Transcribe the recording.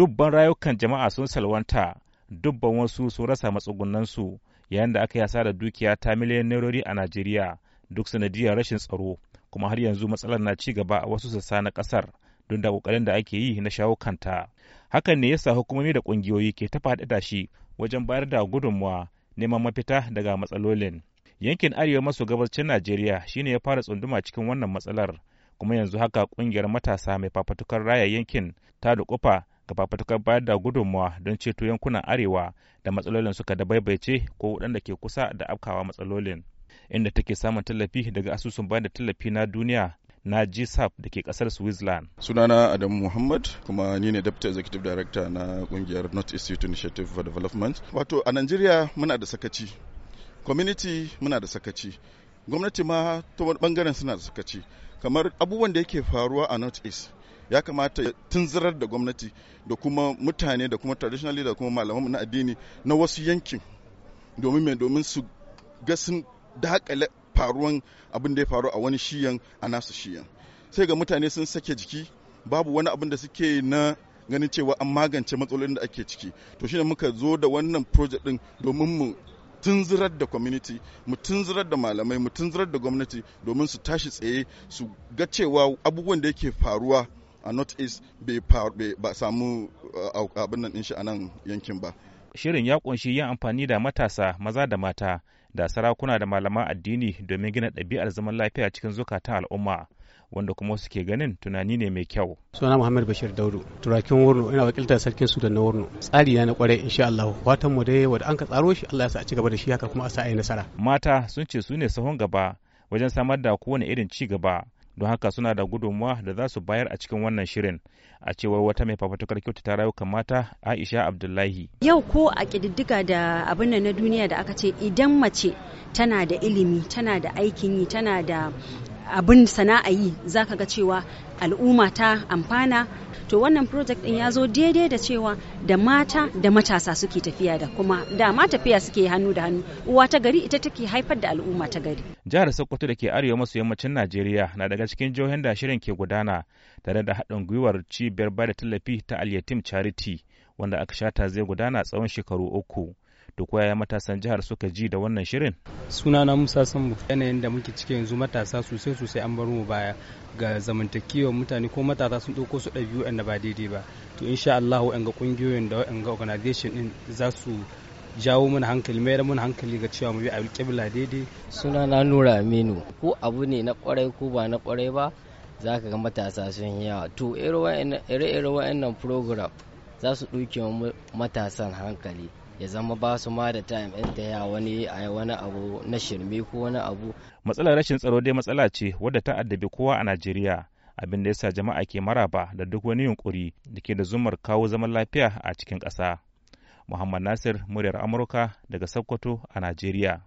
dubban rayukan jama'a sun salwanta dubban wasu sun rasa matsugunansu yayin da aka yi da dukiya ta miliyan nerori a najeriya duk sanadiyar rashin tsaro kuma har yanzu matsalar na ci gaba a wasu sassa na kasar don da kokarin da ake yi na shawo kanta hakan ne yasa hukumomi da kungiyoyi ke ta faɗaɗa shi wajen bayar da gudunmuwa neman mafita daga matsalolin yankin arewa maso gabashin najeriya shine ya fara tsunduma cikin wannan matsalar kuma yanzu haka kungiyar matasa mai fafatukar raya yankin ta da kufa kafa fatukar bayar da gudunmawa don ceto yankunan arewa da matsalolin suka da baibaice ko waɗanda ke kusa da afkawa matsalolin inda take samun tallafi daga asusun bayar da tallafi na duniya na gsap da ke kasar switzerland sunana adamu muhammad kuma ni ne deputy executive director na kungiyar north east youth initiative for development wato a nigeria muna da sakaci community muna da sakaci gwamnati ma ta wani bangaren suna da sakaci kamar abubuwan da yake faruwa a north east ya kamata ya tunzirar da gwamnati da kuma mutane da kuma traditional leader da kuma malaman na addini na wasu yankin domin mai domin su ga sun dakale faruwan abin da ya faru a wani shiyan a nasu shiyan sai ga mutane sun sake jiki babu wani abin da suke na ganin cewa an magance matsalolin da ake ciki to shine muka zo da wannan project din domin mu tunzirar da community mu tunzirar da malamai mu tunzirar da gwamnati domin su tashi tsaye su ga cewa abubuwan da yake faruwa a north east bai ba samu uh, abin nan shi a nan yankin ba shirin ya kunshi yin amfani da matasa maza da mata da sarakuna da malaman addini domin gina ɗabi'ar zaman lafiya cikin zukatan al'umma wanda kuma ke ganin tunani ne mai kyau. Suna Muhammad Bashir Daudu, turakin Wurno ina wakiltar sarkin Sudan na Wurno. Tsari na kwarai insha Allah. Watan mu dai wanda an ka tsaro shi Allah ya sa a ci gaba da shi haka kuma a sa a yi nasara. Mata sun ce su ne sahun gaba wajen samar da kowane irin ci gaba. don haka suna da gudunmuwa da za su bayar a cikin wannan shirin a cewar wata mai fafatukar ta rayukan mata aisha abdullahi yau ko a ƙididdiga da abin na duniya da aka ce idan mace tana da ilimi tana da aikin yi tana da abin sana'a yi za ka ga cewa al'umma ta amfana to wannan project din ya zo daidai da cewa da mata da matasa suke tafiya da kuma da ma tafiya suke hannu da hannu uwa ta gari ita take haifar da al'umma ta gari jihar sokoto da ke arewa maso yammacin najeriya na daga cikin jihohin da shirin ke gudana tare da haɗin gwiwar cibiyar bada tallafi ta alyatim charity wanda aka shata zai gudana tsawon shekaru uku da koya matasan jihar suka ji da wannan shirin sunana musa sambu yanayin da muke cike yanzu matasa sosai sosai an bar mu baya ga zamantakewar mutane ko matasa sun ɗauko su ɗabi'u da ba daidai ba to insha Allah ga ƙungiyoyin da ga organization din za su jawo mana hankali mayar mana hankali ga cewa mu bi kibla daidai suna na nura aminu ko abu ne na kwarai ko ba na kwarai ba za ka ga matasa sun yi yawa to ire ire wa'annan program za su ɗauke matasan hankali ya zama ba su ma da time in ta ya wani a wani abu na shirme ko wani abu matsalar rashin tsaro dai matsala ce wadda ta addabi kowa a Najeriya abin da yasa jama'a ke maraba da duk wani yunkuri da ke da zumar kawo zaman lafiya a cikin ƙasa Muhammad Nasir muryar Amurka daga Sokoto a Najeriya